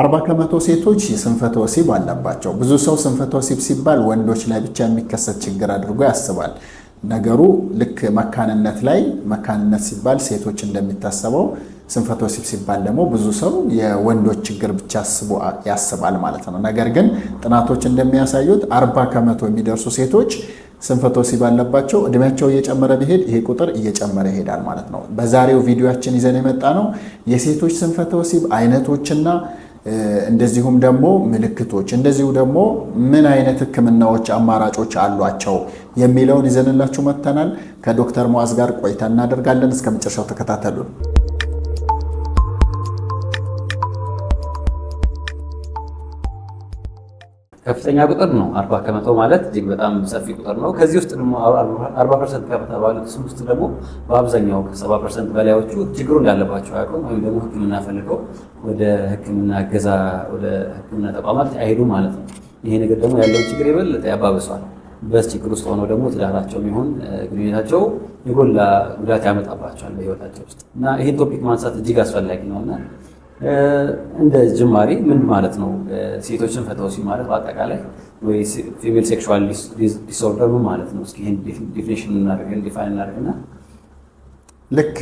አርባ ከመቶ ሴቶች የስንፈተ ወሲብ አለባቸው። ብዙ ሰው ስንፈተ ወሲብ ሲባል ወንዶች ላይ ብቻ የሚከሰት ችግር አድርጎ ያስባል። ነገሩ ልክ መካንነት ላይ መካንነት ሲባል ሴቶች እንደሚታሰበው ስንፈተ ወሲብ ሲባል ደግሞ ብዙ ሰው የወንዶች ችግር ብቻ አስቦ ያስባል ማለት ነው። ነገር ግን ጥናቶች እንደሚያሳዩት አርባ ከመቶ የሚደርሱ ሴቶች ስንፈተ ወሲብ አለባቸው። እድሜያቸው እየጨመረ ቢሄድ ይሄ ቁጥር እየጨመረ ይሄዳል ማለት ነው። በዛሬው ቪዲዮችን ይዘን የመጣ ነው የሴቶች ስንፈተ ወሲብ አይነቶችና እንደዚሁም ደግሞ ምልክቶች፣ እንደዚሁ ደግሞ ምን አይነት ህክምናዎች አማራጮች አሏቸው የሚለውን ይዘንላችሁ መጥተናል። ከዶክተር ሙዓዝ ጋር ቆይታ እናደርጋለን። እስከ መጨረሻው ተከታተሉን። ከፍተኛ ቁጥር ነው። አርባ ከመቶ ማለት እጅግ በጣም ሰፊ ቁጥር ነው። ከዚህ ውስጥ ደግሞ አርባ ፐርሰንት ከተባሉት ስም ውስጥ ደግሞ በአብዛኛው ከሰባ ፐርሰንት በላዮቹ ችግሩ እንዳለባቸው አያውቁም ወይም ደግሞ ሕክምና ፈልገው ወደ ሕክምና እገዛ ወደ ሕክምና ተቋማት አይሄዱም ማለት ነው። ይሄ ነገር ደግሞ ያለውን ችግር የበለጠ ያባብሷል። በስ ችግር ውስጥ ሆነው ደግሞ ትዳራቸው የሚሆን ግንኙነታቸው የጎላ ጉዳት ያመጣባቸዋል በህይወታቸው ውስጥ እና ይህን ቶፒክ ማንሳት እጅግ አስፈላጊ ነውና እንደ ጅማሬ ምን ማለት ነው? ሴቶችን ፈተወሲ ማለት በአጠቃላይ ወይ ፊሜል ሴክሹዋል ዲስኦርደር ማለት ነው? እስኪ ይህን ዲፊኒሽን እናደርግ ዲፋይን እናደርግና ልክ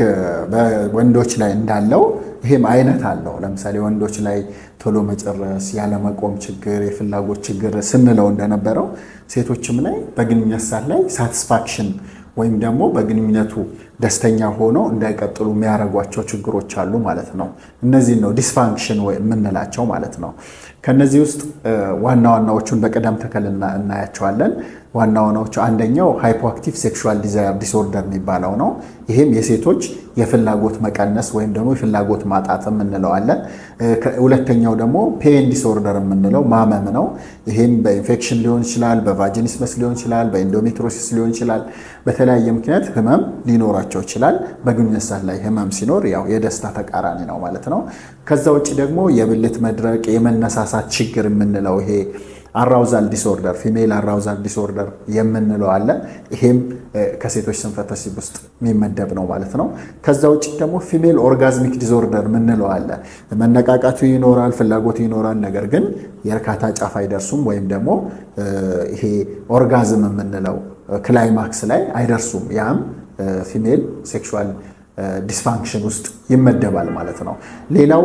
በወንዶች ላይ እንዳለው ይሄም አይነት አለው። ለምሳሌ ወንዶች ላይ ቶሎ መጨረስ፣ ያለመቆም ችግር፣ የፍላጎት ችግር ስንለው እንደነበረው ሴቶችም ላይ በግንኙነት ሳት ላይ ሳቲስፋክሽን ወይም ደግሞ በግንኙነቱ ደስተኛ ሆኖ እንዳይቀጥሉ የሚያደርጓቸው ችግሮች አሉ ማለት ነው። እነዚህን ነው ዲስፋንክሽን የምንላቸው ማለት ነው። ከነዚህ ውስጥ ዋና ዋናዎቹን በቅደም ተከል እናያቸዋለን። ዋና ዋናዎቹ አንደኛው ሃይፖአክቲቭ ሴክሹዋል ዲዛየር ዲስኦርደር የሚባለው ነው። ይህም የሴቶች የፍላጎት መቀነስ ወይም ደግሞ የፍላጎት ማጣት የምንለዋለን። ሁለተኛው ደግሞ ፔን ዲስኦርደር የምንለው ማመም ነው። ይህም በኢንፌክሽን ሊሆን ይችላል፣ በቫጂኒስመስ ሊሆን ይችላል፣ በኢንዶሜትሮሲስ ሊሆን ይችላል። በተለያየ ምክንያት ህመም ሊኖራቸው ሊኖራቸው ይችላል። በግንኙነት ሰዓት ላይ ህመም ሲኖር ያው የደስታ ተቃራኒ ነው ማለት ነው። ከዛ ውጭ ደግሞ የብልት መድረቅ፣ የመነሳሳት ችግር የምንለው ይሄ አራውዛል ዲስኦርደር ፊሜል አራውዛል ዲስኦርደር የምንለው አለ። ይሄም ከሴቶች ስንፈተ ወሲብ ውስጥ የሚመደብ ነው ማለት ነው። ከዛ ውጭ ደግሞ ፊሜል ኦርጋዝሚክ ዲስኦርደር ምንለው አለ። መነቃቃቱ ይኖራል፣ ፍላጎቱ ይኖራል፣ ነገር ግን የእርካታ ጫፍ አይደርሱም ወይም ደግሞ ይሄ ኦርጋዝም የምንለው ክላይማክስ ላይ አይደርሱም። ያም ፊሜል ሴክሹዋል ዲስፋንክሽን ውስጥ ይመደባል ማለት ነው። ሌላው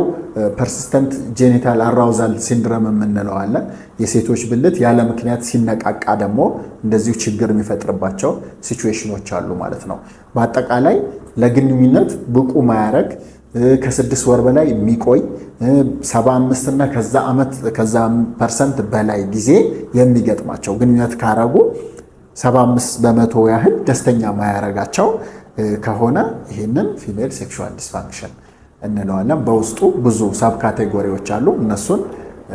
ፐርሲስተንት ጄኔታል አራውዛል ሲንድረም የምንለው አለ። የሴቶች ብልት ያለ ምክንያት ሲነቃቃ ደግሞ እንደዚሁ ችግር የሚፈጥርባቸው ሲቹዌሽኖች አሉ ማለት ነው። በአጠቃላይ ለግንኙነት ብቁ ማያረግ ከስድስት ወር በላይ የሚቆይ ሰባ አምስት እና ከዛ ዓመት ከዛ ፐርሰንት በላይ ጊዜ የሚገጥማቸው ግንኙነት ካረጉ 75 በመቶ ያህል ደስተኛ ማያረጋቸው ከሆነ ይህንን ፊሜል ሴክሹዋል ዲስፋንክሽን እንለዋለን። በውስጡ ብዙ ሰብ ካቴጎሪዎች አሉ። እነሱን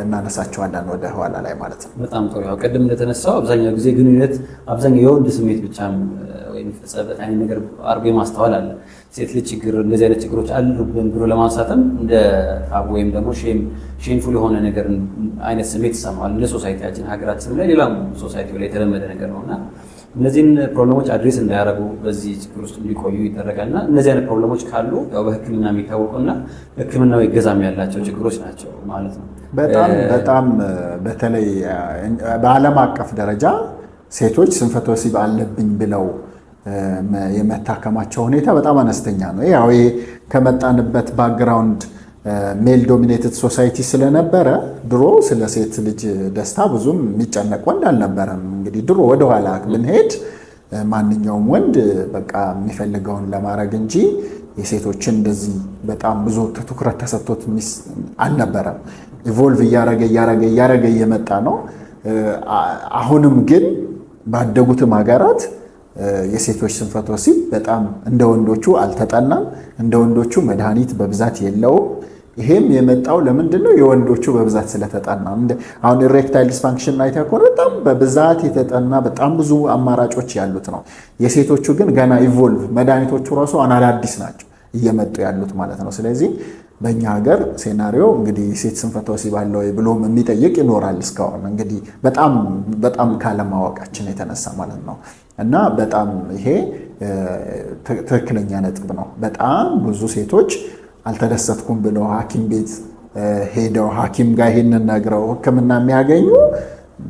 እናነሳቸዋለን ወደ ኋላ ላይ ማለት ነው። በጣም ጥሩ። ያው ቅድም እንደተነሳው አብዛኛው ጊዜ ግንኙነት አብዛኛው የወንድ ስሜት ብቻ የሚፈጸምበት አይነት ነገር አድርጎ የማስተዋል አለ። ሴት ልጅ ችግር እንደዚህ አይነት ችግሮች አሉብን ብሎ ለማንሳትም እንደ ታቡ ወይም ደግሞ ሼምፉል የሆነ ነገር አይነት ስሜት ይሰማዋል። እንደ ሶሳይቲያችን ሀገራችን ላይ ሌላም ሶሳይቲ ላይ የተለመደ ነገር ነው እና እነዚህን ፕሮብለሞች አድሬስ እንዳያደረጉ በዚህ ችግር ውስጥ እንዲቆዩ ይደረጋል እና እነዚህ አይነት ፕሮብለሞች ካሉ ያው በሕክምና የሚታወቁና ሕክምናዊ እገዛም ያላቸው ችግሮች ናቸው ማለት ነው። በጣም በጣም በተለይ በዓለም አቀፍ ደረጃ ሴቶች ስንፈተ ወሲብ አለብኝ ብለው የመታከማቸው ሁኔታ በጣም አነስተኛ ነው። ያው ከመጣንበት ባክግራውንድ ሜል ዶሚኔትድ ሶሳይቲ ስለነበረ ድሮ ስለ ሴት ልጅ ደስታ ብዙም የሚጨነቅ ወንድ አልነበረም። እንግዲህ ድሮ ወደኋላ ብንሄድ ማንኛውም ወንድ በቃ የሚፈልገውን ለማድረግ እንጂ የሴቶችን እንደዚህ በጣም ብዙ ትኩረት ተሰጥቶት አልነበረም። ኢቮልቭ እያረገ እያረገ እያረገ እየመጣ ነው። አሁንም ግን ባደጉትም ሀገራት የሴቶች ስንፈት ወሲብ በጣም እንደ ወንዶቹ አልተጠናም። እንደ ወንዶቹ መድኃኒት በብዛት የለውም። ይሄም የመጣው ለምንድን ነው? የወንዶቹ በብዛት ስለተጠና። አሁን ኢሬክታይል ዲስፋንክሽን አይተህ ከሆነ በጣም በብዛት የተጠና በጣም ብዙ አማራጮች ያሉት ነው። የሴቶቹ ግን ገና ኢቮልቭ መድኃኒቶቹ ራሱ አናዳዲስ ናቸው እየመጡ ያሉት ማለት ነው። ስለዚህ በእኛ ሀገር ሴናሪዮ እንግዲህ ሴት ስንፈተ ወሲብ አለ ወይ ብሎም የሚጠይቅ ይኖራል። እስካሁን እንግዲህ በጣም በጣም ካለማወቃችን የተነሳ ማለት ነው። እና በጣም ይሄ ትክክለኛ ነጥብ ነው። በጣም ብዙ ሴቶች አልተደሰትኩም ብለው ሐኪም ቤት ሄደው ሐኪም ጋር ይሄንን ነግረው ሕክምና የሚያገኙ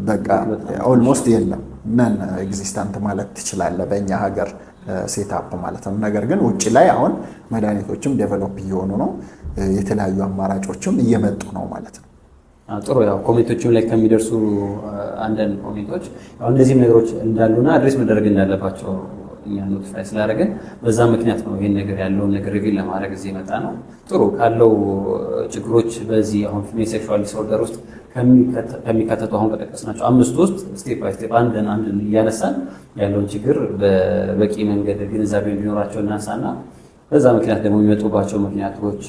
በቃ ኦልሞስት የለም ነን ኤግዚስተንት ማለት ትችላለህ በእኛ ሀገር ሴታፕ ማለት ነው። ነገር ግን ውጭ ላይ አሁን መድኃኒቶችም ዴቨሎፕ እየሆኑ ነው፣ የተለያዩ አማራጮችም እየመጡ ነው ማለት ነው። ጥሩ ያው ኮሜንቶችም ላይ ከሚደርሱ አንዳንድ ኮሜንቶች እነዚህም ነገሮች እንዳሉና አድሬስ መደረግ እንዳለባቸው እኛ ኖቲፋይ ስላደረገን በዛ ምክንያት ነው ይህን ነገር ያለውን ነገር ሪቪል ለማድረግ እዚህ የመጣ ነው። ጥሩ ካለው ችግሮች በዚህ አሁን ፊሜል ሴክሹዋል ዲስኦርደር ውስጥ ከሚካተቱ አሁን ከጠቀስናቸው አምስት ውስጥ ስቴፕ ባይ ስቴፕ አንድን አንድን እያነሳን ያለውን ችግር በበቂ መንገድ ግንዛቤ እንዲኖራቸው እናንሳና በዛ ምክንያት ደግሞ የሚመጡባቸው ምክንያቶች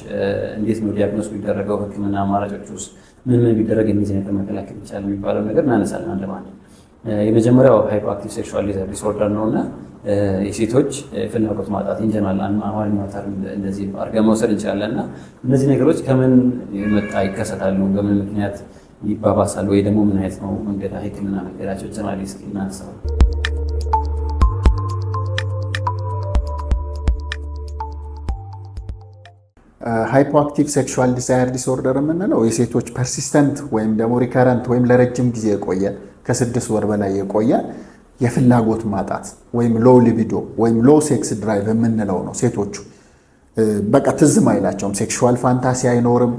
እንዴት ነው ዲያግኖስ ቢደረገው ሕክምና አማራጮች ውስጥ ምን ምን ቢደረግ የሚዜ ነገር መከላከል ይቻላል የሚባለው ነገር እናነሳለን። አንድ ማለት የመጀመሪያው ሃይፖአክቲቭ ሴክሹዋል ዲስኦርደር ነው እና የሴቶች ፍላጎት ማጣት ኢንጀነራል አኗሪ ማተር እንደዚህ አድርገን መውሰድ እንችላለን። እና እነዚህ ነገሮች ከምን መጣ ይከሰታሉ፣ በምን ምክንያት ይባባሳሉ፣ ወይ ደግሞ ምን አይነት ነው መንገድ ህክምና መንገዳቸው ጀነራሊ እስኪ እናንሳው። ሃይፖአክቲቭ ሴክሹዋል ዲዛየር ዲስኦርደር የምንለው የሴቶች ፐርሲስተንት ወይም ደግሞ ሪከረንት ወይም ለረጅም ጊዜ የቆየ ከስድስት ወር በላይ የቆየ የፍላጎት ማጣት ወይም ሎው ሊቢዶ ወይም ሎው ሴክስ ድራይቭ የምንለው ነው። ሴቶቹ በቃ ትዝም አይላቸውም። ሴክሹዋል ፋንታሲ አይኖርም።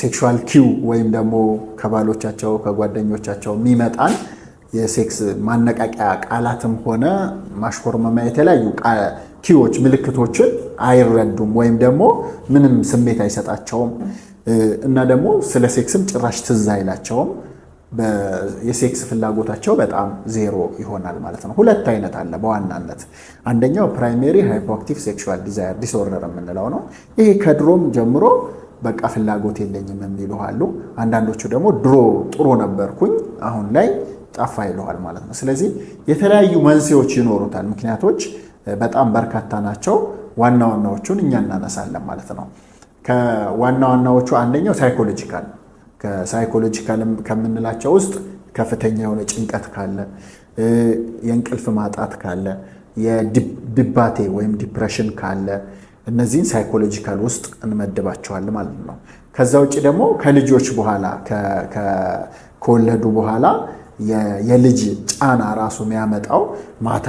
ሴክሹዋል ኪው ወይም ደግሞ ከባሎቻቸው ከጓደኞቻቸው የሚመጣን የሴክስ ማነቃቂያ ቃላትም ሆነ ማሽኮርመሚያ የተለያዩ ኪዎች ምልክቶችን አይረዱም ወይም ደግሞ ምንም ስሜት አይሰጣቸውም እና ደግሞ ስለ ሴክስም ጭራሽ ትዝ አይላቸውም። የሴክስ ፍላጎታቸው በጣም ዜሮ ይሆናል ማለት ነው። ሁለት አይነት አለ በዋናነት አንደኛው ፕራይሜሪ ሃይፖአክቲቭ ሴክሹዋል ዲዛየር ዲስኦርደር የምንለው ነው። ይሄ ከድሮም ጀምሮ በቃ ፍላጎት የለኝም የሚሉ አሉ። አንዳንዶቹ ደግሞ ድሮ ጥሩ ነበርኩኝ አሁን ላይ ጠፋ ይለዋል ማለት ነው። ስለዚህ የተለያዩ መንስኤዎች ይኖሩታል። ምክንያቶች በጣም በርካታ ናቸው። ዋና ዋናዎቹን እኛ እናነሳለን ማለት ነው። ከዋና ዋናዎቹ አንደኛው ሳይኮሎጂካል ከሳይኮሎጂካል ከምንላቸው ውስጥ ከፍተኛ የሆነ ጭንቀት ካለ፣ የእንቅልፍ ማጣት ካለ፣ የድባቴ ወይም ዲፕሬሽን ካለ እነዚህን ሳይኮሎጂካል ውስጥ እንመድባቸዋለን ማለት ነው። ከዛ ውጭ ደግሞ ከልጆች በኋላ ከወለዱ በኋላ የልጅ ጫና ራሱ የሚያመጣው ማታ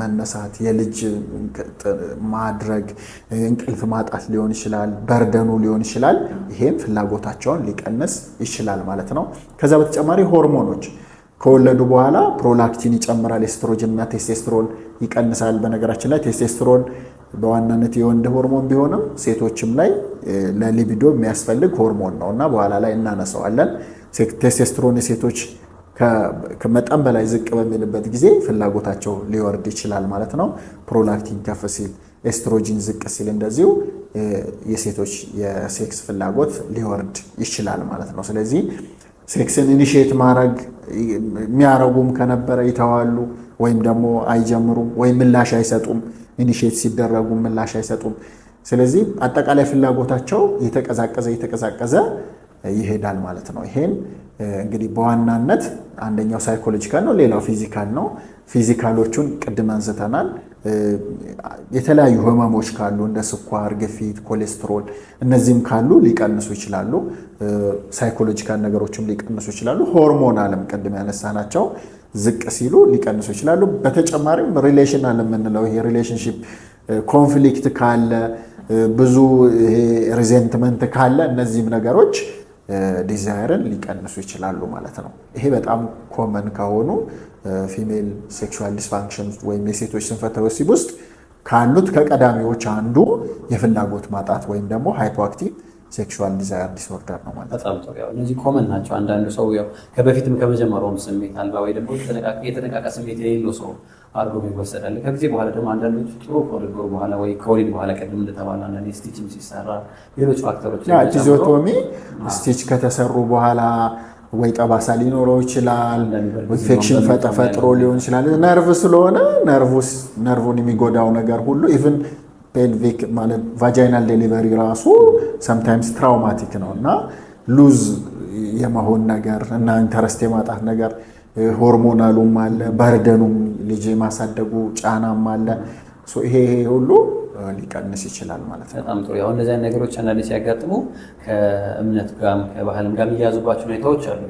መነሳት፣ የልጅ ማድረግ፣ እንቅልፍ ማጣት ሊሆን ይችላል፣ በርደኑ ሊሆን ይችላል። ይሄም ፍላጎታቸውን ሊቀንስ ይችላል ማለት ነው። ከዛ በተጨማሪ ሆርሞኖች ከወለዱ በኋላ ፕሮላክቲን ይጨምራል፣ ኤስትሮጅን እና ቴስቴስትሮን ይቀንሳል። በነገራችን ላይ ቴስቴስትሮን በዋናነት የወንድ ሆርሞን ቢሆንም ሴቶችም ላይ ለሊቢዶ የሚያስፈልግ ሆርሞን ነው እና በኋላ ላይ እናነሳዋለን። ቴስቴስትሮን የሴቶች ከመጠን በላይ ዝቅ በሚልበት ጊዜ ፍላጎታቸው ሊወርድ ይችላል ማለት ነው። ፕሮላክቲን ከፍ ሲል፣ ኤስትሮጂን ዝቅ ሲል እንደዚሁ የሴቶች የሴክስ ፍላጎት ሊወርድ ይችላል ማለት ነው። ስለዚህ ሴክስን ኢኒሽት ማድረግ የሚያረጉም ከነበረ ይተዋሉ፣ ወይም ደግሞ አይጀምሩም፣ ወይም ምላሽ አይሰጡም። ኢኒሽት ሲደረጉም ምላሽ አይሰጡም። ስለዚህ አጠቃላይ ፍላጎታቸው የተቀዛቀዘ የተቀዛቀዘ ይሄዳል ማለት ነው። ይሄም እንግዲህ በዋናነት አንደኛው ሳይኮሎጂካል ነው፣ ሌላው ፊዚካል ነው። ፊዚካሎቹን ቅድም አንስተናል። የተለያዩ ህመሞች ካሉ እንደ ስኳር፣ ግፊት፣ ኮሌስትሮል እነዚህም ካሉ ሊቀንሱ ይችላሉ። ሳይኮሎጂካል ነገሮችም ሊቀንሱ ይችላሉ። ሆርሞናልም ቅድም ያነሳናቸው ዝቅ ሲሉ ሊቀንሱ ይችላሉ። በተጨማሪም ሪሌሽናል የምንለው ይሄ ሪሌሽንሽፕ ኮንፍሊክት ካለ ብዙ ይሄ ሪዘንትመንት ካለ እነዚህም ነገሮች ዲዛይርን ሊቀንሱ ይችላሉ ማለት ነው። ይሄ በጣም ኮመን ከሆኑ ፊሜል ሴክሹዋል ዲስፋንክሽን ወይም የሴቶች ስንፈተ ወሲብ ውስጥ ካሉት ከቀዳሚዎች አንዱ የፍላጎት ማጣት ወይም ደግሞ ሃይፖአክቲቭ ሴክሹዋል ዲዛየር ዲስኦርደር ነው ማለት በጣም ጥሩ። ያው እነዚህ ኮመን ናቸው። አንዳንዱ ሰው ያው ከበፊትም ከመጀመሪያውም ስሜት አልባ ወይ ደግሞ የተነቃቀ ስሜት የሌለው ሰው አድርጎ ይወሰዳል። ከጊዜ በኋላ ደግሞ አንዳንዶች ጥሩ ከወለድጎር በኋላ ወይ ከወሊድ በኋላ ቀድም እንደተባለ አንዳንድ ስቲችም ሲሰራ ሌሎች ፋክተሮች ቲዚዮቶሚ ስቲች ከተሰሩ በኋላ ወይ ጠባሳ ሊኖረው ይችላል። ኢንፌክሽን ፈጥሮ ሊሆን ይችላል። ነርቭ ስለሆነ ነርቭን የሚጎዳው ነገር ሁሉ ኢቭን ፔልቪክ ማለት ቫጃይናል ዴሊቨሪ ራሱ ሰምታይምስ ትራውማቲክ ነው እና ሉዝ የመሆን ነገር እና ኢንተረስት የማጣት ነገር ሆርሞናሉም አለ፣ በርደኑም ልጅ የማሳደጉ ጫናም አለ። ይሄ ሁሉ uh, ሊቀንስ ይችላል ማለት ነው። በጣም ጥሩ። ያው እነዚህ ነገሮች አንዳንዴ ሲያጋጥሙ ከእምነት ጋር ከባህልም ጋር የሚያያዙባቸው ሁኔታዎች አሉ።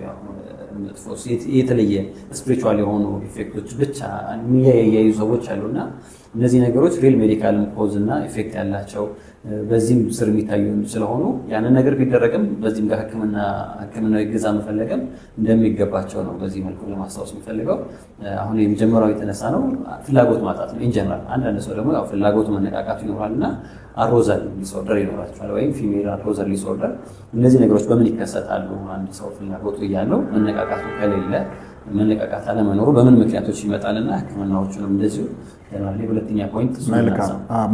የተለየ ስፒሪቹዋል የሆኑ ኢፌክቶች ብቻ የሚያያዩ ሰዎች አሉና እነዚህ ነገሮች ሪል ሜዲካል ኮዝ እና ኢፌክት ያላቸው በዚህም ስር የሚታዩ ስለሆኑ ያንን ነገር ቢደረግም በዚህም ጋር ህክምና ህክምናዊ ገዛ መፈለግም እንደሚገባቸው ነው። በዚህ መልኩ ለማስታወስ የምፈልገው አሁን የመጀመሪያው የተነሳ ነው ፍላጎት ማጣት ነው። ኢንጀነራል አንዳንድ ሰው ደግሞ ያው ፍላጎት መነቃቃቱ ይኖራል እና አሮዘር ዲስኦርደር ይኖራቸዋል ወይም ፊሜል አሮዘር ዲስኦርደር። እነዚህ ነገሮች በምን ይከሰታሉ? አንድ ሰው ፍላጎቱ እያለው መነቃቃቱ ከሌለ መነቃቃት አለመኖሩ በምን ምክንያቶች ይመጣልና ህክምናዎቹንም እንደዚሁ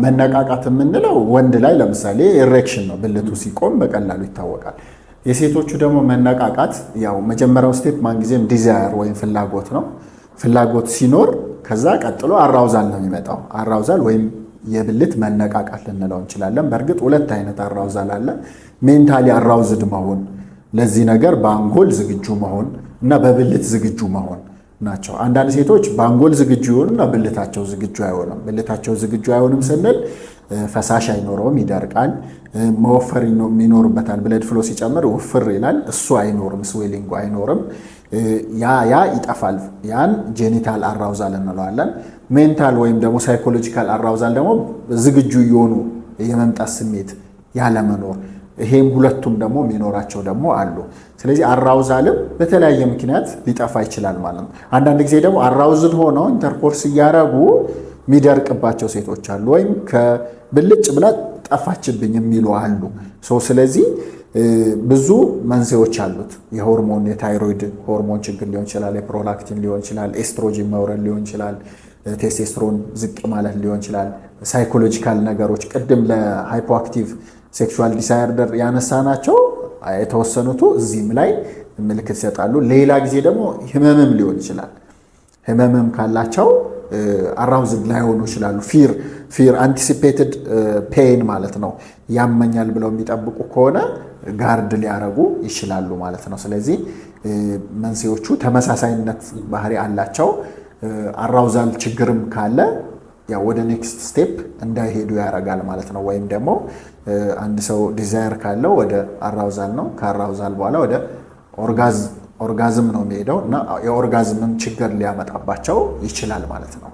መነቃቃት የምንለው ወንድ ላይ ለምሳሌ ኢሬክሽን ነው፣ ብልቱ ሲቆም በቀላሉ ይታወቃል። የሴቶቹ ደግሞ መነቃቃት ያው መጀመሪያው ስቴፕ ማንጊዜም ዲዛየር ወይም ፍላጎት ነው። ፍላጎት ሲኖር ከዛ ቀጥሎ አራውዛል ነው የሚመጣው። አራውዛል ወይም የብልት መነቃቃት ልንለው እንችላለን። በእርግጥ ሁለት አይነት አራውዛል አለ። ሜንታሊ አራውዝድ መሆን፣ ለዚህ ነገር በአንጎል ዝግጁ መሆን እና በብልት ዝግጁ መሆን ናቸው። አንዳንድ ሴቶች በአንጎል ዝግጁ ይሆኑና ብልታቸው ዝግጁ አይሆንም። ብልታቸው ዝግጁ አይሆንም ስንል ፈሳሽ አይኖረውም፣ ይደርቃል፣ መወፈር ይኖርበታል። ብለድ ፍሎ ሲጨምር ውፍር ይላል። እሱ አይኖርም፣ ስዌሊንጉ አይኖርም። ያ ያ ይጠፋል። ያን ጄኒታል አራውዛል እንለዋለን። ሜንታል ወይም ደግሞ ሳይኮሎጂካል አራውዛል ደግሞ ዝግጁ እየሆኑ የመምጣት ስሜት ያለመኖር ይሄም ሁለቱም ደግሞ የሚኖራቸው ደግሞ አሉ። ስለዚህ አራውዝ አራውዛልም በተለያየ ምክንያት ሊጠፋ ይችላል ማለት ነው። አንዳንድ ጊዜ ደግሞ አራውዝን ሆነው ኢንተርኮርስ እያረጉ የሚደርቅባቸው ሴቶች አሉ፣ ወይም ከብልጭ ብላ ጠፋችብኝ የሚሉ አሉ። ስለዚህ ብዙ መንስኤዎች አሉት። የሆርሞን የታይሮይድ ሆርሞን ችግር ሊሆን ይችላል፣ የፕሮላክቲን ሊሆን ይችላል፣ ኤስትሮጂን መውረድ ሊሆን ይችላል፣ ቴስቴስትሮን ዝቅ ማለት ሊሆን ይችላል፣ ሳይኮሎጂካል ነገሮች ቅድም ለሃይፖአክቲቭ ሴክሹዋል ዲሳይርደር ያነሳ ናቸው የተወሰኑቱ እዚህም ላይ ምልክት ይሰጣሉ። ሌላ ጊዜ ደግሞ ህመምም ሊሆን ይችላል። ህመምም ካላቸው አራውዝድ ላይሆኑ ይችላሉ። ፊር ፊር አንቲሲፔትድ ፔን ማለት ነው። ያመኛል ብለው የሚጠብቁ ከሆነ ጋርድ ሊያረጉ ይችላሉ ማለት ነው። ስለዚህ መንስኤዎቹ ተመሳሳይነት ባህሪ አላቸው። አራውዛል ችግርም ካለ ያው ወደ ኔክስት ስቴፕ እንዳይሄዱ ያደርጋል ማለት ነው። ወይም ደግሞ አንድ ሰው ዲዛየር ካለው ወደ አራውዛል ነው። ከአራውዛል በኋላ ወደ ኦርጋዝም ነው የሚሄደው እና የኦርጋዝምም ችግር ሊያመጣባቸው ይችላል ማለት ነው።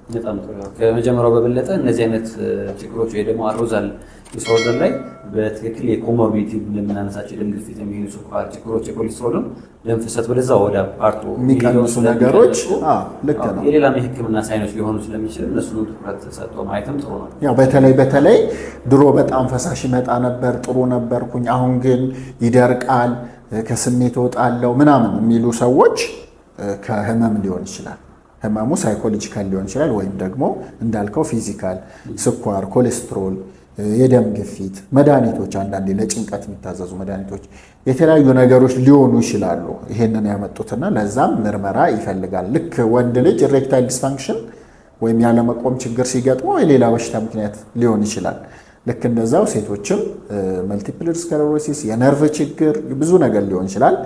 ከመጀመሪያው በበለጠ እነዚህ አይነት ችግሮች ወይ ደግሞ አሮዛል ዲስኦርደር ላይ በትክክል የኮሞርቢቲ ብለን የምናነሳቸው የደም ግፊት የሚሆኑ ስኳር ችግሮች፣ የኮሌስትሮልም ደም ፍሰት ወደዛ ወደ ፓርቶ የሚቀንሱ ነገሮች ልክ ነው። የሌላም የሕክምና ሳይኖች ሊሆኑ ስለሚችል እነሱ ትኩረት ሰጥቶ ማየትም ጥሩ ነው። ያው በተለይ በተለይ ድሮ በጣም ፈሳሽ ይመጣ ነበር፣ ጥሩ ነበርኩኝ፣ አሁን ግን ይደርቃል፣ ከስሜት እወጣለሁ ምናምን የሚሉ ሰዎች ከህመም ሊሆን ይችላል። ህመሙ ሳይኮሎጂካል ሊሆን ይችላል፣ ወይም ደግሞ እንዳልከው ፊዚካል ስኳር፣ ኮሌስትሮል የደም ግፊት መድኃኒቶች፣ አንዳንዴ ለጭንቀት የሚታዘዙ መድኃኒቶች፣ የተለያዩ ነገሮች ሊሆኑ ይችላሉ። ይሄንን ያመጡትና ለዛም ምርመራ ይፈልጋል። ልክ ወንድ ልጅ ኢሬክታይል ዲስፋንክሽን ወይም ያለመቆም ችግር ሲገጥመው የሌላ በሽታ ምክንያት ሊሆን ይችላል። ልክ እንደዛው ሴቶችም መልቲፕል ስክለሮሲስ፣ የነርቭ ችግር፣ ብዙ ነገር ሊሆን ይችላል።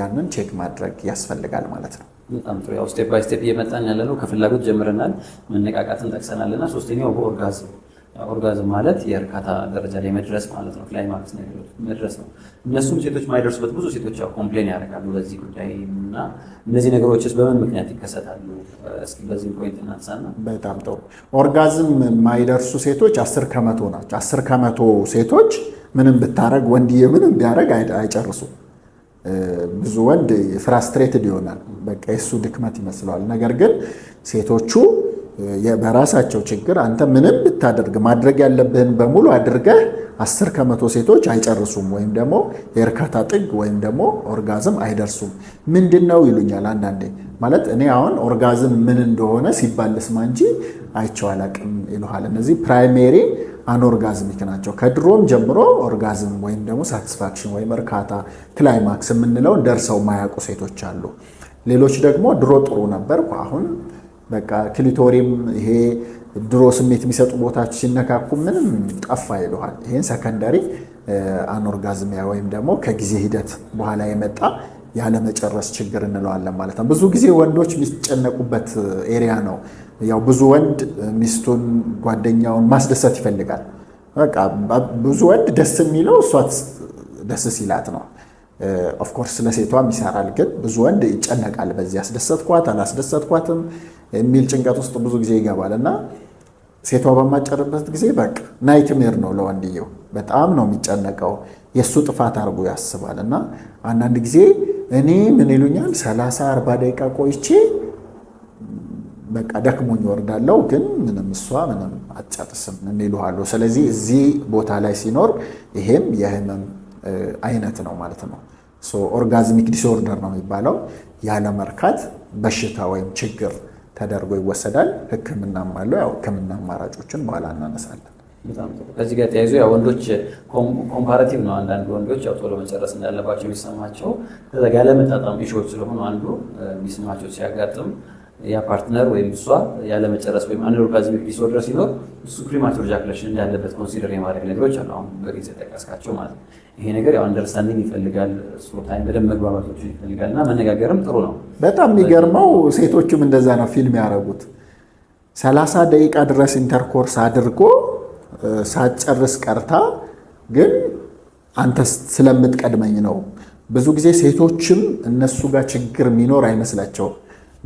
ያንን ቼክ ማድረግ ያስፈልጋል ማለት ነው። በጣም ጥሩ። ያው ስቴፕ ባይ ስቴፕ እየመጣን ያለ ነው። ከፍላጎት ጀምረናል፣ መነቃቃትን ጠቅሰናል እና ሶስተኛው በኦርጋዝም ኦርጋዝም ማለት የእርካታ ደረጃ ላይ መድረስ ማለት ነው። ክላይማክስ መድረስ ነው። እነሱም ሴቶች የማይደርሱበት ብዙ ሴቶች ያው ኮምፕሌን ያደርጋሉ በዚህ ጉዳይ እና እነዚህ ነገሮችስ በምን ምክንያት ይከሰታሉ? እስኪ በዚህ ፖይንት እናንሳና። በጣም ጥሩ። ኦርጋዝም የማይደርሱ ሴቶች አስር ከመቶ ናቸው። አስር ከመቶ ሴቶች ምንም ብታረግ ወንድዬ ምንም ቢያደርግ አይጨርሱም። ብዙ ወንድ ፍራስትሬትድ ይሆናል። በቃ የእሱ ድክመት ይመስለዋል። ነገር ግን ሴቶቹ በራሳቸው ችግር አንተ ምንም ብታደርግ ማድረግ ያለብህን በሙሉ አድርገህ አስር ከመቶ ሴቶች አይጨርሱም ወይም ደግሞ የእርካታ ጥግ ወይም ደግሞ ኦርጋዝም አይደርሱም። ምንድን ነው ይሉኛል አንዳንዴ። ማለት እኔ አሁን ኦርጋዝም ምን እንደሆነ ሲባል ልስማ እንጂ አይቼው አላቅም ይልሃል። እነዚህ ፕራይሜሪ አንኦርጋዝሚክ ናቸው። ከድሮም ጀምሮ ኦርጋዝም ወይም ደግሞ ሳቲስፋክሽን ወይም እርካታ ክላይማክስ የምንለውን ደርሰው ማያውቁ ሴቶች አሉ። ሌሎች ደግሞ ድሮ ጥሩ ነበር አሁን በቃ ክሊቶሪም ይሄ ድሮ ስሜት የሚሰጡ ቦታዎች ሲነካኩ ምንም ጠፋ ይለዋል። ይህን ሰከንደሪ አኖርጋዝሚያ ወይም ደግሞ ከጊዜ ሂደት በኋላ የመጣ ያለመጨረስ ችግር እንለዋለን ማለት ነው። ብዙ ጊዜ ወንዶች የሚጨነቁበት ኤሪያ ነው። ያው ብዙ ወንድ ሚስቱን ጓደኛውን ማስደሰት ይፈልጋል። በቃ ብዙ ወንድ ደስ የሚለው እሷ ደስ ሲላት ነው። ኦፍኮርስ ለሴቷም ይሰራል፣ ግን ብዙ ወንድ ይጨነቃል በዚህ አስደሰትኳት አላስደሰትኳትም የሚል ጭንቀት ውስጥ ብዙ ጊዜ ይገባል እና ሴቷ በማጨርበት ጊዜ በቃ ናይትሜር ነው ለወንድየው። በጣም ነው የሚጨነቀው። የእሱ ጥፋት አድርጎ ያስባል እና አንዳንድ ጊዜ እኔ ምን ይሉኛል ሰላሳ አርባ ደቂቃ ቆይቼ በቃ ደክሞኝ ይወርዳለው፣ ግን ምንም እሷ ምንም አትጨርስም እንይሉሃሉ። ስለዚህ እዚህ ቦታ ላይ ሲኖር ይሄም የህመም አይነት ነው ማለት ነው። ኦርጋዝሚክ ዲስኦርደር ነው የሚባለው፣ ያለመርካት በሽታ ወይም ችግር ተደርጎ ይወሰዳል። ህክምና አለው። ያው ህክምና አማራጮችን በኋላ እናነሳለን። ከዚህ ጋር ተያይዞ ወንዶች ኮምፓራቲቭ ነው። አንዳንድ ወንዶች ያው ቶሎ መጨረስ እንዳለባቸው የሚሰማቸው ያለመጣጣም ኢሹዎች ስለሆኑ አንዱ የሚሰማቸው ሲያጋጥም ያ ፓርትነር ወይም እሷ ያለመጨረስ ወይም አን ኦርጋዝሚክ ዲስኦርደር ሲኖር እሱ ፕሪማቸር ኢጃኩሌሽን እንዳለበት ኮንሲደር የማድረግ ነገሮች አሉ። አሁን በግልጽ የጠቀስካቸው ማለት ነው። ይሄ ነገር ያው አንደርስታንዲንግ ይፈልጋል፣ ታይም በደንብ መግባባቶች ይፈልጋል እና መነጋገርም ጥሩ ነው። በጣም የሚገርመው ሴቶችም እንደዛ ነው ፊልም ያደረጉት። ሰላሳ ደቂቃ ድረስ ኢንተርኮርስ አድርጎ ሳትጨርስ ቀርታ ግን አንተ ስለምትቀድመኝ ነው። ብዙ ጊዜ ሴቶችም እነሱ ጋር ችግር የሚኖር አይመስላቸውም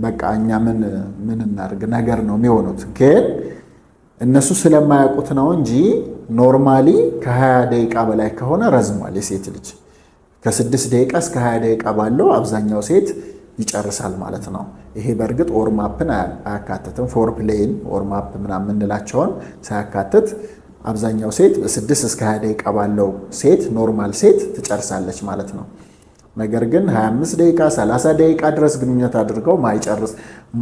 በቃ እኛ ምን ምን እናርግ ነገር ነው የሚሆኑት። ግን እነሱ ስለማያውቁት ነው እንጂ ኖርማሊ ከ20 ደቂቃ በላይ ከሆነ ረዝሟል። የሴት ልጅ ከስድስት ደቂቃ እስከ 20 ደቂቃ ባለው አብዛኛው ሴት ይጨርሳል ማለት ነው። ይሄ በእርግጥ ኦርማፕን አያካትትም። ፎር ፕሌይን ኦርማፕ ምናምን የምንላቸውን ሳያካትት አብዛኛው ሴት በስድስት እስከ 20 ደቂቃ ባለው ሴት ኖርማል ሴት ትጨርሳለች ማለት ነው። ነገር ግን 25 ደቂቃ 30 ደቂቃ ድረስ ግንኙነት አድርገው ማይጨርስ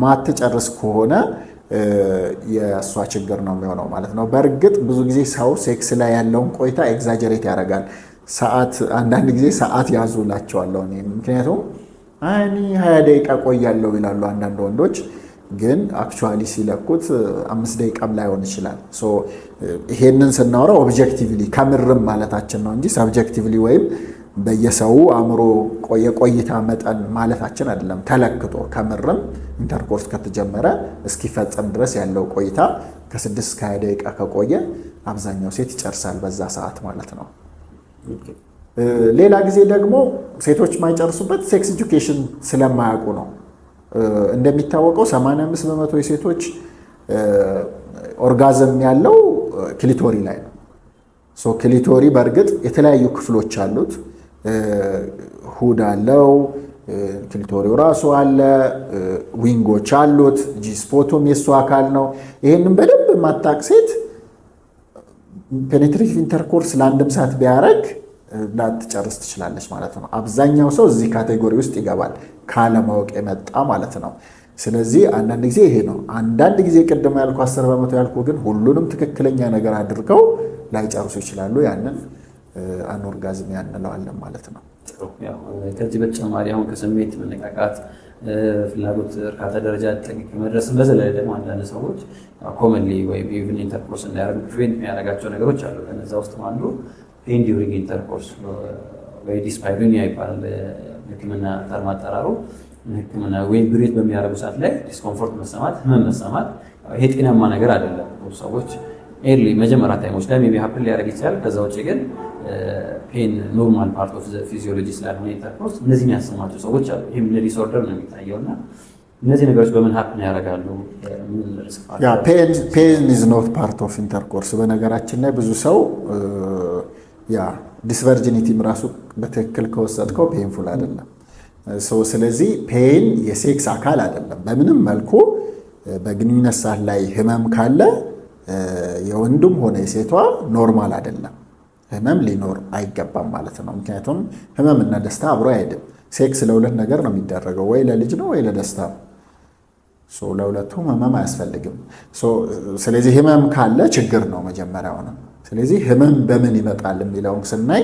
ማትጨርስ ከሆነ የእሷ ችግር ነው የሚሆነው ማለት ነው። በእርግጥ ብዙ ጊዜ ሰው ሴክስ ላይ ያለውን ቆይታ ኤግዛጀሬት ያደርጋል። ሰዓት አንዳንድ ጊዜ ሰዓት ያዙ ላቸዋለሁ። ምክንያቱም አይኒ 20 ደቂቃ ቆያለሁ ይላሉ አንዳንድ ወንዶች ግን አክቹዋሊ ሲለኩት አምስት ደቂቃም ላይሆን ይችላል። ይሄንን ስናወራው ኦብጀክቲቭሊ ከምርም ማለታችን ነው እንጂ ሰብጀክቲቭሊ ወይም በየሰው አእምሮ የቆይታ መጠን ማለታችን አይደለም ተለክቶ ከምርም ኢንተርኮርስ ከተጀመረ እስኪፈጸም ድረስ ያለው ቆይታ ከስድስት እስከ ደቂቃ ከቆየ አብዛኛው ሴት ይጨርሳል በዛ ሰዓት ማለት ነው። ሌላ ጊዜ ደግሞ ሴቶች የማይጨርሱበት ሴክስ ኤጁኬሽን ስለማያውቁ ነው። እንደሚታወቀው 85 በመቶ የሴቶች ኦርጋዝም ያለው ክሊቶሪ ላይ ነው። ክሊቶሪ በእርግጥ የተለያዩ ክፍሎች አሉት። ሁድ አለው። ቲልቶሪው ራሱ አለ። ዊንጎች አሉት። ጂስፖቱም የእሱ አካል ነው። ይህንም በደንብ የማታቅ ሴት ፔኔትሬቲቭ ኢንተርኮርስ ለአንድም ሰዓት ቢያደርግ ላትጨርስ ትችላለች ማለት ነው። አብዛኛው ሰው እዚህ ካቴጎሪ ውስጥ ይገባል፣ ካለማወቅ የመጣ ማለት ነው። ስለዚህ አንዳንድ ጊዜ ይሄ ነው። አንዳንድ ጊዜ ቅድም ያልኩ አስር በመቶ ያልኩ ግን ሁሉንም ትክክለኛ ነገር አድርገው ላይጨርሱ ይችላሉ ያንን አኖርጋዝም ያንለዋለን ማለት ነው። ከዚህ በተጨማሪ አሁን ከስሜት መነቃቃት ፍላጎት እርካታ ደረጃ ጠንቅቅ መድረስ በዘለለ ደግሞ አንዳንድ ሰዎች ኮመንሊ ወይም ኢቭን ኢንተርኮርስ እንዳያደርጉ ፕሪቬንት የሚያደርጋቸው ነገሮች አሉ። ከነዛ ውስጥ አንዱ ፔን ዲዩሪንግ ኢንተርኮርስ ወይ ዲስፓይዶኒያ ይባላል በሕክምና ተርም አጠራሩ። ሕክምና ዌል ብሬት በሚያደርጉ ሰዓት ላይ ዲስኮምፎርት መሰማት፣ ህመም መሰማት፣ ይሄ ጤናማ ነገር አይደለም። ሰዎች ኤርሊ መጀመሪያ ታይሞች ላይ ሜቢ ሀፕል ሊያደርግ ይችላል። ከዛ ውጭ ግን ፔን ኖርማል ፓርት ኦፍ ፊዚዮሎጂ ስላልሆነ የተኮርስ እነዚህ የሚያሰማቸው ሰዎች አሉ። ይህም ዲስኦርደር ነው የሚታየው እና እነዚህ ነገሮች በምን ሀፕን ያደርጋሉ? ፔን ኢዝ ኖት ፓርት ኦፍ ኢንተርኮርስ። በነገራችን ላይ ብዙ ሰው ያ ዲስቨርጂኒቲም ራሱ በትክክል ከወሰድከው ፔንፉል አይደለም። ስለዚህ ፔን የሴክስ አካል አይደለም። በምንም መልኩ በግንኙነት ሰዓት ላይ ህመም ካለ የወንዱም ሆነ የሴቷ ኖርማል አይደለም። ህመም ሊኖር አይገባም ማለት ነው። ምክንያቱም ህመምና ደስታ አብሮ አይሄድም። ሴክስ ለሁለት ነገር ነው የሚደረገው፣ ወይ ለልጅ ነው ወይ ለደስታ ነው። ለሁለቱም ህመም አያስፈልግም። ስለዚህ ህመም ካለ ችግር ነው መጀመሪያውንም። ስለዚህ ህመም በምን ይመጣል የሚለውን ስናይ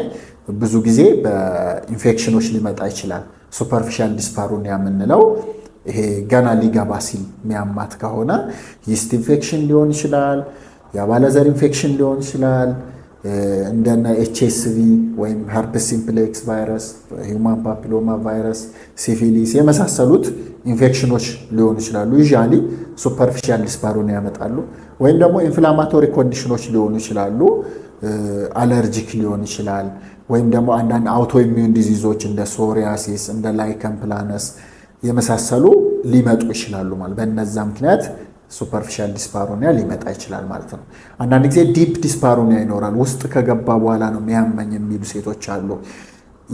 ብዙ ጊዜ በኢንፌክሽኖች ሊመጣ ይችላል። ሱፐርፊሻል ዲስፓሩኒያ የምንለው ይሄ ገና ሊገባ ሲል ሚያማት ከሆነ ይስት ኢንፌክሽን ሊሆን ይችላል፣ የአባለዘር ኢንፌክሽን ሊሆን ይችላል እንደነ ኤችኤስቪ ወይም ሄርፕስ ሲምፕሌክስ ቫይረስ፣ ሂውማን ፓፒሎማ ቫይረስ፣ ሲፊሊስ የመሳሰሉት ኢንፌክሽኖች ሊሆኑ ይችላሉ። ዩዥዋሊ ሱፐርፊሻል ዲስፓሮን ያመጣሉ። ወይም ደግሞ ኢንፍላማቶሪ ኮንዲሽኖች ሊሆኑ ይችላሉ። አለርጂክ eh, ሊሆን ይችላል። ወይም ደግሞ አንዳንድ አውቶ ኢሚዩን ዲዚዞች እንደ ሶሪያሲስ እንደ ላይከን ፕላነስ የመሳሰሉ ሊመጡ ይችላሉ ማለት በነዛ ምክንያት ሱፐርፊሻል ዲስፓሮኒያ ሊመጣ ይችላል ማለት ነው። አንዳንድ ጊዜ ዲፕ ዲስፓሮኒያ ይኖራል። ውስጥ ከገባ በኋላ ነው ሚያመኝ የሚሉ ሴቶች አሉ።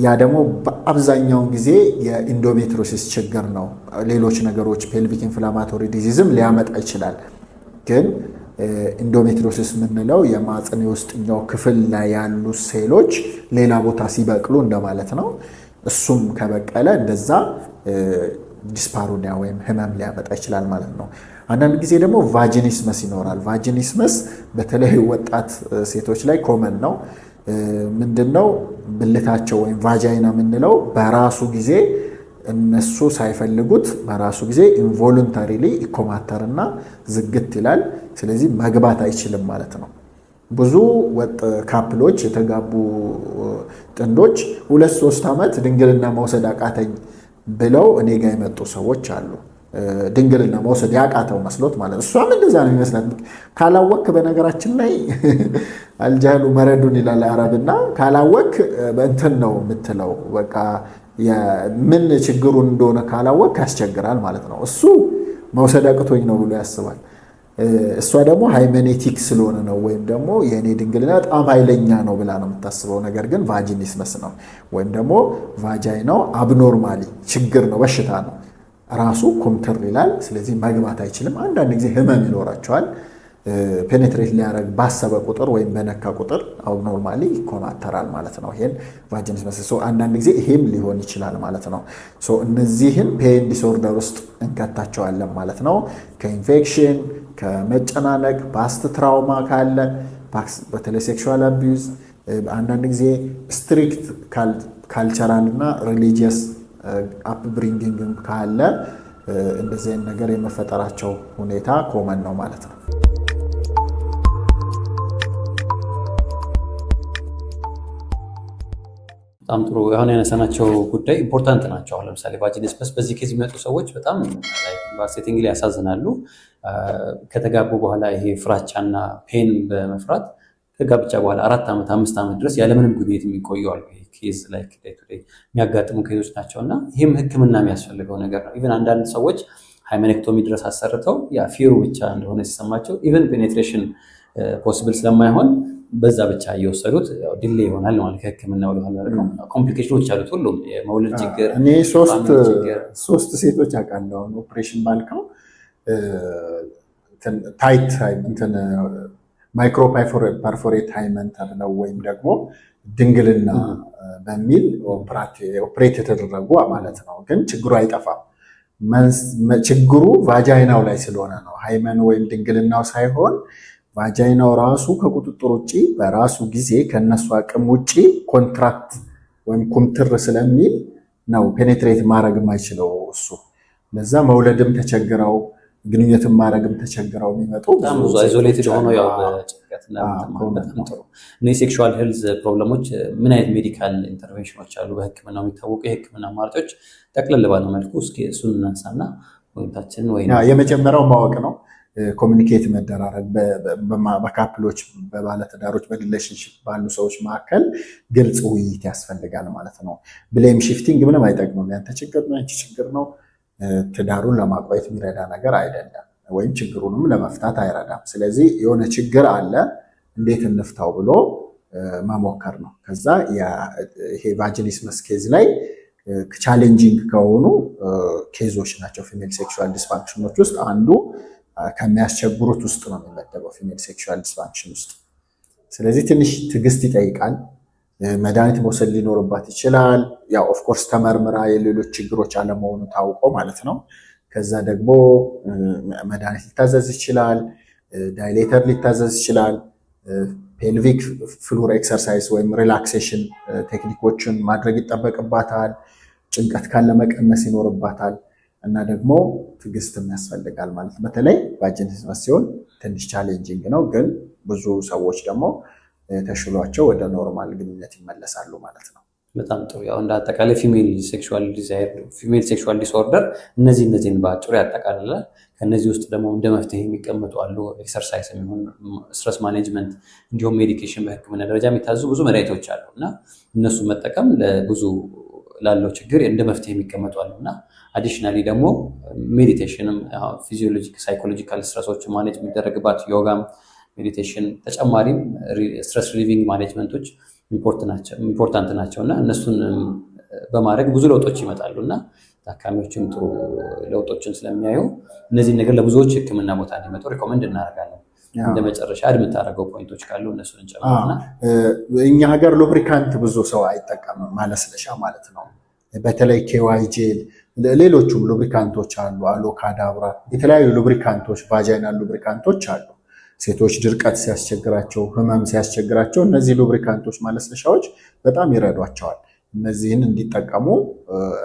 ያ ደግሞ በአብዛኛውን ጊዜ የኢንዶሜትሮሲስ ችግር ነው። ሌሎች ነገሮች ፔልቪክ ኢንፍላማቶሪ ዲዚዝም ሊያመጣ ይችላል። ግን ኢንዶሜትሮሲስ የምንለው የማፅን የውስጥኛው ክፍል ላይ ያሉ ሴሎች ሌላ ቦታ ሲበቅሉ እንደማለት ነው። እሱም ከበቀለ እንደዛ ዲስፓሮኒያ ወይም ህመም ሊያመጣ ይችላል ማለት ነው። አንዳንድ ጊዜ ደግሞ ቫጂኒስመስ ይኖራል። ቫጂኒስመስ በተለይ ወጣት ሴቶች ላይ ኮመን ነው። ምንድን ነው ብልታቸው ወይም ቫጃይና የምንለው በራሱ ጊዜ እነሱ ሳይፈልጉት በራሱ ጊዜ ኢንቮሉንታሪሊ ኢኮማተርና ዝግት ይላል። ስለዚህ መግባት አይችልም ማለት ነው። ብዙ ወጥ ካፕሎች የተጋቡ ጥንዶች ሁለት ሶስት ዓመት ድንግልና መውሰድ አቃተኝ ብለው እኔ ጋር የመጡ ሰዎች አሉ። ድንግልና መውሰድ ያቃተው መስሎት ማለት እሷም እንደዛ ነው ይመስላል። ካላወክ በነገራችን ላይ አልጃሉ መረዱን ይላል አረብና፣ ካላወክ በእንትን ነው የምትለው በቃ ምን ችግሩን እንደሆነ ካላወቅ ያስቸግራል ማለት ነው። እሱ መውሰድ አቅቶኝ ነው ብሎ ያስባል። እሷ ደግሞ ሃይመኔቲክ ስለሆነ ነው ወይም ደግሞ የእኔ ድንግልና በጣም ኃይለኛ ነው ብላ ነው የምታስበው። ነገር ግን ቫጂኒስመስ ነው ወይም ደግሞ ቫጃይ ነው፣ አብኖርማሊ ችግር ነው፣ በሽታ ነው። ራሱ ኩምትር ይላል። ስለዚህ መግባት አይችልም። አንዳንድ ጊዜ ህመም ይኖራቸዋል። ፔኔትሬት ሊያደረግ ባሰበ ቁጥር ወይም በነካ ቁጥር አብኖርማሊ ይኮማተራል ማለት ነው። ይሄን መስ አንዳንድ ጊዜ ይሄም ሊሆን ይችላል ማለት ነው። እነዚህን ፔን ዲስኦርደር ውስጥ እንከታቸዋለን ማለት ነው ከኢንፌክሽን ከመጨናነቅ ፓስት ትራውማ ካለ በተለይ ሴክሹዋል አቢዩዝ አንዳንድ ጊዜ ስትሪክት ካልቸራል እና ሪሊጂየስ አፕብሪንግንግ ካለ እንደዚህ ነገር የመፈጠራቸው ሁኔታ ኮመን ነው ማለት ነው። በጣም ጥሩ። አሁን ያነሳናቸው ጉዳይ ኢምፖርታንት ናቸው። አሁን ለምሳሌ በአጂኔስፐስ በዚህ ኬዝ የሚመጡ ሰዎች በጣም ሴቲንግ ላይ ያሳዝናሉ። ከተጋቡ በኋላ ይሄ ፍራቻና ፔን በመፍራት ከጋብቻ በኋላ አራት ዓመት አምስት ዓመት ድረስ ያለምንም ግብይት የሚቆዩ አሉ። ኬዝ ላይ የሚያጋጥሙ ኬዞች ናቸው እና ይህም ሕክምና የሚያስፈልገው ነገር ነው። ኢቨን አንዳንድ ሰዎች ሃይመኔክቶሚ ድረስ አሰርተው ያ ፊሩ ብቻ እንደሆነ ሲሰማቸው ኢቨን ፔኔትሬሽን ፖስብል ስለማይሆን በዛ ብቻ እየወሰዱት ድሌ ይሆናል ማለት ከህክምና ኮምፕሊኬሽኖች አሉት። ሁሉም የመውለድ ችግር እኔ ሶስት ሴቶች አውቃለሁ ኦፕሬሽን ባልከው ታይት ማይክሮ ፐርፎሬት ሃይመንተር ነው ወይም ደግሞ ድንግልና በሚል ኦፕሬት የተደረጉ ማለት ነው። ግን ችግሩ አይጠፋም። ችግሩ ቫጃይናው ላይ ስለሆነ ነው። ሃይመን ወይም ድንግልናው ሳይሆን ቫጃይናው ራሱ ከቁጥጥር ውጭ በራሱ ጊዜ ከነሱ አቅም ውጭ ኮንትራክት ወይም ኩምትር ስለሚል ነው ፔኔትሬት ማድረግ የማይችለው እሱ። ለዛ መውለድም ተቸግረው ግንኙነትን ማድረግም ተቸግረው የሚመጡ አይዞሌትድ ሆኖ እነዚህ ሴክሹዋል ሄልዝ ፕሮብለሞች ምን አይነት ሜዲካል ኢንተርቬንሽኖች አሉ? በህክምና የሚታወቁ የህክምና አማራጮች ጠቅለል ባለ መልኩ እስኪ እሱን እናንሳና ወይታችን ወይ የመጀመሪያው ማወቅ ነው። ኮሚኒኬት መደራረግ በካፕሎች በባለትዳሮች በሪሌሽንሽፕ ባሉ ሰዎች መካከል ግልጽ ውይይት ያስፈልጋል ማለት ነው። ብሌም ሽፍቲንግ ምንም አይጠቅምም። ያንተ ችግር ነው፣ ያንቺ ችግር ነው ትዳሩን ለማቆየት የሚረዳ ነገር አይደለም፣ ወይም ችግሩንም ለመፍታት አይረዳም። ስለዚህ የሆነ ችግር አለ፣ እንዴት እንፍታው ብሎ መሞከር ነው። ከዛ ይሄ ቫጂኒዝመስ ኬዝ ላይ ቻሌንጂንግ ከሆኑ ኬዞች ናቸው ፊሜል ሴክሹዋል ዲስፋንክሽኖች ውስጥ አንዱ ከሚያስቸግሩት ውስጥ ነው የሚመደበው ፊሜል ሴክሹዋል ዲስፋንክሽን ውስጥ። ስለዚህ ትንሽ ትዕግስት ይጠይቃል። መድኃኒት መውሰድ ሊኖርባት ይችላል። ያው ኦፍኮርስ ተመርምራ የሌሎች ችግሮች አለመሆኑ ታውቆ ማለት ነው። ከዛ ደግሞ መድኃኒት ሊታዘዝ ይችላል። ዳይሌተር ሊታዘዝ ይችላል። ፔልቪክ ፍሉር ኤክሰርሳይዝ ወይም ሪላክሴሽን ቴክኒኮችን ማድረግ ይጠበቅባታል። ጭንቀት ካለ መቀነስ ይኖርባታል እና ደግሞ ትዕግስትም ያስፈልጋል ማለት በተለይ በአጅን ሲሆን ትንሽ ቻሌንጂንግ ነው፣ ግን ብዙ ሰዎች ደግሞ ተሽሏቸው ወደ ኖርማል ግንኙነት ይመለሳሉ ማለት ነው። በጣም ጥሩ። ያው እንደ አጠቃላይ ፊሜል ሴክሹዋል ዲዛይር ፊሜል ሴክሹዋል ዲስኦርደር እነዚህ እነዚህን በአጭሩ ያጠቃልላል። ከእነዚህ ውስጥ ደግሞ እንደ መፍትሄ የሚቀመጡ አሉ። ኤክሰርሳይስ የሚሆን ስትረስ ማኔጅመንት፣ እንዲሁም ሜዲኬሽን በህክምና ደረጃ የሚታዙ ብዙ መድኃኒቶች አሉ እና እነሱ መጠቀም ለብዙ ላለው ችግር እንደ መፍትሄ የሚቀመጡ አሉ እና አዲሽናሊ ደግሞ ሜዲቴሽንም ፊዚዮሎጂክ ሳይኮሎጂካል ስትረሶች ማኔጅ የሚደረግባት ዮጋም ሜዲቴሽን፣ ተጨማሪም ስትረስ ሪሊቪንግ ማኔጅመንቶች ኢምፖርታንት ናቸው እና እነሱን በማድረግ ብዙ ለውጦች ይመጣሉ እና ታካሚዎችም ጥሩ ለውጦችን ስለሚያዩ እነዚህን ነገር ለብዙዎች ሕክምና ቦታ እንዲመጡ ሪኮመንድ እናደርጋለን። እንደ መጨረሻ የምታደርገው ፖይንቶች ካሉ እነሱን እንጨምርና እኛ ሀገር ሉብሪካንት ብዙ ሰው አይጠቀምም፣ ማለስለሻ ማለት ነው። በተለይ ኬዋይ ጄል፣ ሌሎቹም ሉብሪካንቶች አሉ፣ አሎካዳብራ፣ የተለያዩ ሉብሪካንቶች፣ ቫጃይናል ሉብሪካንቶች አሉ። ሴቶች ድርቀት ሲያስቸግራቸው፣ ህመም ሲያስቸግራቸው እነዚህ ሉብሪካንቶች ማለስለሻዎች በጣም ይረዷቸዋል። እነዚህን እንዲጠቀሙ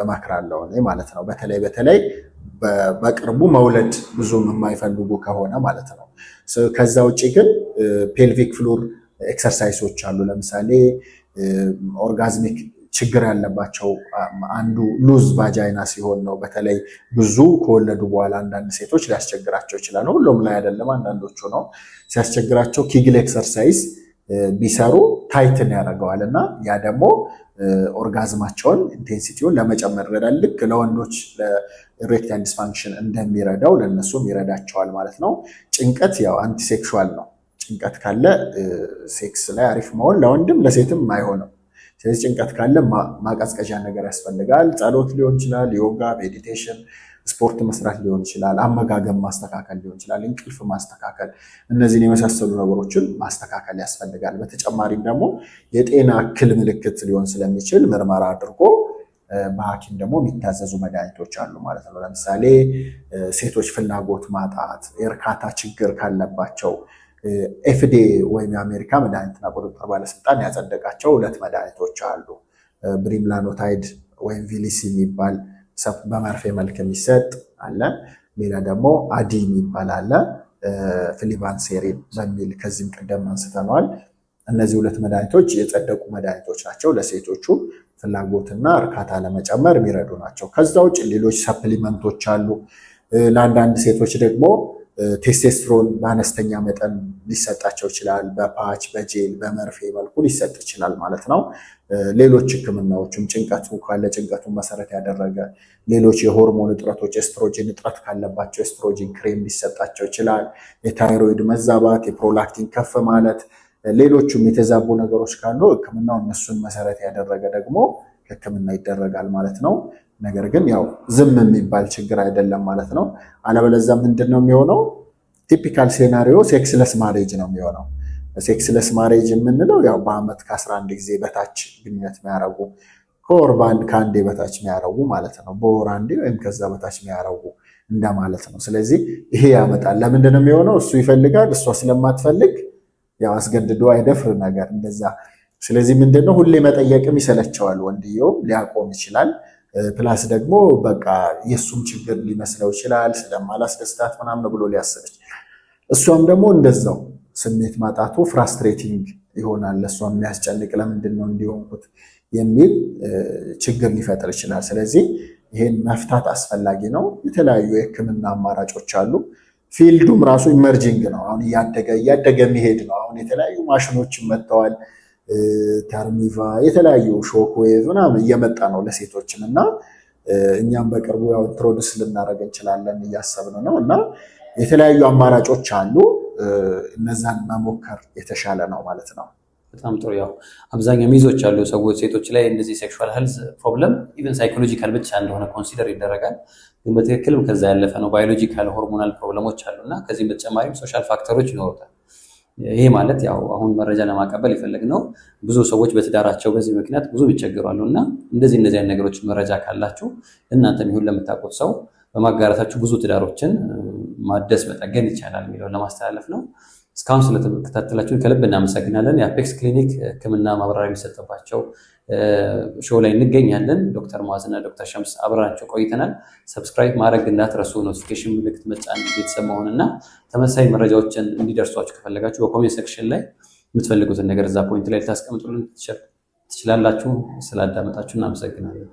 እመክራለሁ እኔ ማለት ነው። በተለይ በተለይ በቅርቡ መውለድ ብዙም የማይፈልጉ ከሆነ ማለት ነው። ከዛ ውጭ ግን ፔልቪክ ፍሉር ኤክሰርሳይሶች አሉ። ለምሳሌ ኦርጋዝሚክ ችግር ያለባቸው አንዱ ሉዝ ቫጃይና ሲሆን ነው። በተለይ ብዙ ከወለዱ በኋላ አንዳንድ ሴቶች ሊያስቸግራቸው ይችላል። ሁሉም ላይ አይደለም፣ አንዳንዶቹ ነው ሲያስቸግራቸው ኪግል ኤክሰርሳይዝ ቢሰሩ ታይትን ያደርገዋል እና ያ ደግሞ ኦርጋዝማቸውን ኢንቴንሲቲውን ለመጨመር ይረዳል። ልክ ለወንዶች ለኢሬክታይል ዲስፋንክሽን እንደሚረዳው ለእነሱም ይረዳቸዋል ማለት ነው። ጭንቀት ያው አንቲሴክሹዋል ነው። ጭንቀት ካለ ሴክስ ላይ አሪፍ መሆን ለወንድም ለሴትም አይሆንም። ስለዚህ ጭንቀት ካለ ማቀዝቀዣ ነገር ያስፈልጋል። ጸሎት ሊሆን ይችላል፣ ዮጋ፣ ሜዲቴሽን፣ ስፖርት መስራት ሊሆን ይችላል፣ አመጋገብ ማስተካከል ሊሆን ይችላል፣ እንቅልፍ ማስተካከል፣ እነዚህን የመሳሰሉ ነገሮችን ማስተካከል ያስፈልጋል። በተጨማሪም ደግሞ የጤና እክል ምልክት ሊሆን ስለሚችል ምርመራ አድርጎ በሐኪም ደግሞ የሚታዘዙ መድኃኒቶች አሉ ማለት ነው። ለምሳሌ ሴቶች ፍላጎት ማጣት፣ የእርካታ ችግር ካለባቸው ኤፍዴ ወይም የአሜሪካ መድኃኒትና ቁጥጥር ባለስልጣን ያጸደቃቸው ሁለት መድኃኒቶች አሉ። ብሪምላኖታይድ ወይም ቪሊሲ የሚባል በመርፌ መልክ የሚሰጥ አለ። ሌላ ደግሞ አዲ የሚባል አለ። ፍሊባንሴሪን በሚል ከዚህም ቀደም አንስተነዋል። እነዚህ ሁለት መድኃኒቶች የጸደቁ መድኃኒቶች ናቸው። ለሴቶቹ ፍላጎትና እርካታ ለመጨመር የሚረዱ ናቸው። ከዛ ውጭ ሌሎች ሰፕሊመንቶች አሉ። ለአንዳንድ ሴቶች ደግሞ ቴስቴስትሮን በአነስተኛ መጠን ሊሰጣቸው ይችላል። በፓች በጄል በመርፌ መልኩ ሊሰጥ ይችላል ማለት ነው። ሌሎች ህክምናዎችም ጭንቀቱ ካለ ጭንቀቱን መሰረት ያደረገ ሌሎች የሆርሞን እጥረቶች ኤስትሮጂን እጥረት ካለባቸው ኤስትሮጂን ክሬም ሊሰጣቸው ይችላል። የታይሮይድ መዛባት፣ የፕሮላክቲን ከፍ ማለት፣ ሌሎቹም የተዛቡ ነገሮች ካሉ ህክምናው እነሱን መሰረት ያደረገ ደግሞ ህክምና ይደረጋል ማለት ነው። ነገር ግን ያው ዝም የሚባል ችግር አይደለም ማለት ነው። አለበለዚያ ምንድን ነው የሚሆነው? ቲፒካል ሴናሪዮ ሴክስለስ ማሬጅ ነው የሚሆነው። ሴክስለስ ማሬጅ የምንለው ያው በአመት ከ11 ጊዜ በታች ግንኙነት የሚያረጉ ከወር በአንድ ከአንዴ በታች የሚያረጉ ማለት ነው። በወር አንዴ ወይም ከዛ በታች የሚያረጉ እንደማለት ነው። ስለዚህ ይሄ ያመጣል። ለምንድን ነው የሚሆነው? እሱ ይፈልጋል፣ እሷ ስለማትፈልግ ያው አስገድዶ አይደፍር ነገር እንደዛ። ስለዚህ ምንድነው ሁሌ መጠየቅም ይሰለቸዋል። ወንድየውም ሊያቆም ይችላል። ፕላስ ደግሞ በቃ የእሱም ችግር ሊመስለው ይችላል ስለማላስደስታት ምናምን ብሎ ይችላል። እሷም ደግሞ እንደዛው ስሜት ማጣቱ ፍራስትሬቲንግ ይሆናል። ለእሷ የሚያስጨንቅ ለምንድን ነው እንዲሆንኩት የሚል ችግር ሊፈጥር ይችላል። ስለዚህ ይሄን መፍታት አስፈላጊ ነው። የተለያዩ የሕክምና አማራጮች አሉ። ፊልዱም ራሱ ኢመርጂንግ ነው። አሁን እያደገ እያደገ የሚሄድ ነው። አሁን የተለያዩ ማሽኖችን መጥተዋል። ተርሚቫ የተለያዩ ሾክዌቭ ምናምን እየመጣ ነው ለሴቶችም እና እኛም በቅርቡ ያው ኢንትሮዱስ ልናደርግ እንችላለን እያሰብን ነው እና የተለያዩ አማራጮች አሉ። እነዛን መሞከር የተሻለ ነው ማለት ነው። በጣም ጥሩ ያው አብዛኛው ሚዞች ያሉ ሰዎች ሴቶች ላይ እንደዚህ ሴክሹዋል ሄልዝ ፕሮብለም ኢቨን ሳይኮሎጂካል ብቻ እንደሆነ ኮንሲደር ይደረጋል። ግን በትክክልም ከዛ ያለፈ ነው። ባዮሎጂካል ሆርሞናል ፕሮብለሞች አሉ እና ከዚህም በተጨማሪም ሶሻል ፋክተሮች ይኖሩታል። ይሄ ማለት ያው አሁን መረጃ ለማቀበል ይፈልግ ነው። ብዙ ሰዎች በትዳራቸው በዚህ ምክንያት ብዙ ይቸገራሉ እና እንደዚህ እንደዚህ አይነት ነገሮች መረጃ ካላችሁ እናንተም ይሁን ለምታውቁት ሰው በማጋራታችሁ ብዙ ትዳሮችን ማደስ መጠገን ይቻላል የሚለውን ለማስተላለፍ ነው። እስካሁን ስለተከታተላችሁን ከልብ እናመሰግናለን። የአፔክስ ክሊኒክ ሕክምና ማብራሪያ የሚሰጥባቸው ሾው ላይ እንገኛለን። ዶክተር መዋዝና ዶክተር ሸምስ አብረናቸው ቆይተናል። ሰብስክራይብ ማድረግ እንዳትረሱ፣ ኖቲፊኬሽን ምልክት መጫን ቤተሰብ መሆንና እና ተመሳሳይ መረጃዎችን እንዲደርሷችሁ ከፈለጋችሁ በኮሜንት ሴክሽን ላይ የምትፈልጉትን ነገር እዛ ፖይንት ላይ ልታስቀምጡልን ትችላላችሁ። ስላዳመጣችሁ እናመሰግናለን።